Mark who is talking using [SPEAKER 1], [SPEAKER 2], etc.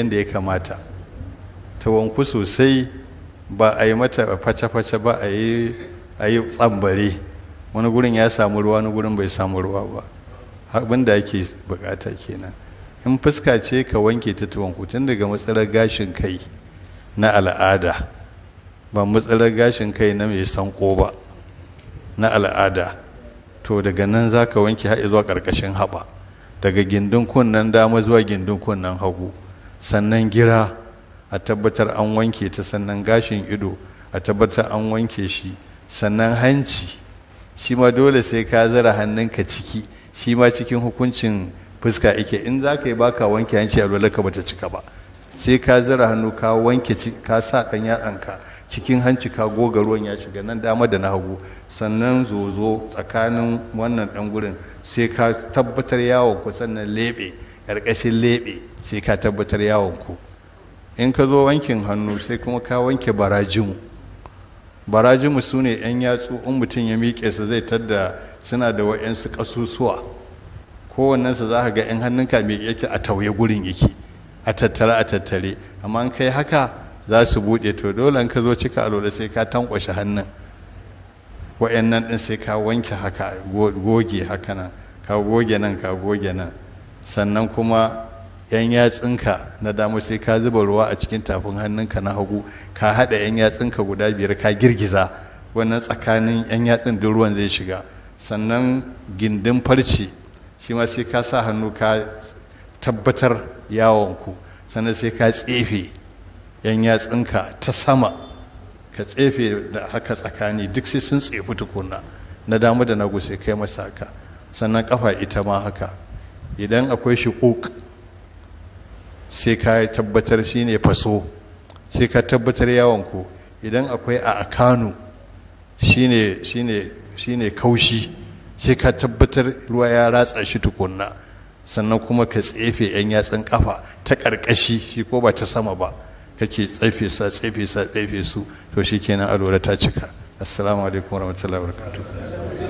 [SPEAKER 1] yadda ya kamata ta wanku sosai ba a yi mata face-face ba a yi tsambare wani gurin ya samu ruwa wani gurin bai samu ruwa ba abin da ake bukata kenan in fuska ce ka wanke ta tuwanku tun daga matsalar gashin kai na al'ada ba matsalar gashin kai na mai sanko ba na al'ada to daga nan za ka wanke haɗe zuwa ƙarƙashin haɓa daga gindin kunnen dama zuwa gindin kunnen hagu sannan gira a tabbatar an wanke ta sannan gashin ido a tabbatar an wanke shi sannan hanci shi ma dole sai ka zara hannunka ciki shi ma cikin hukuncin fuska yake in za ka yi ba ka wanke hanci a ka bata cika ba sai ka zara hannu ka wanke ka sa ɗan yatsanka cikin hanci ka goga ruwan ya shiga nan dama da na hagu sannan zozo tsakanin wannan ɗan gurin sai ka tabbatar yawo kusan na leɓe ƙarƙashin leɓe sai ka tabbatar yawonku in ka zo wankin hannu sai kuma ka wanke barajimu barajimu su ne 'yan yatsu in mutum ya miƙe su zai tadda suna da wa'yansu ƙasusuwa kowannensu za ka ga 'yan hannunka mai yake a tauye gurin yake a tattare a tattare amma in kai haka za su buɗe to dole in ka zo cika alola sai ka tankwashe hannun nan ɗin sai ka wanke haka goge haka nan ka goge nan ka goge nan sannan kuma yan yatsinka na dama sai ka zuba ruwa a cikin tafin hannunka na hagu ka haɗa yan yatsinka guda biyar ka girgiza wannan tsakanin yan yatsin duk ruwan zai shiga sannan gindin farce shi ma sai ka sa hannu ka tabbatar yawonku sannan sai ka tsefe yan yatsinka ta sama ka tsefe da haka tsakani duk sai sun tsefi tukuna na dama da nagu sai kai masa haka sannan kafa ita ma haka idan akwai shiƙuƙ sai ka tabbatar shi ne faso sai ka tabbatar yawanku idan akwai a akanu shi ne kaushi sai ka tabbatar ruwa ya ratsa shi tukunna sannan kuma ka tsefe 'yan yatsan kafa ta ƙarƙashi shi ko ba ta sama ba kake tsefe sa tsefe sa tsefe su to shi kenan alwara ta cika assalamu alaikum warahmatullahi wabarakatuh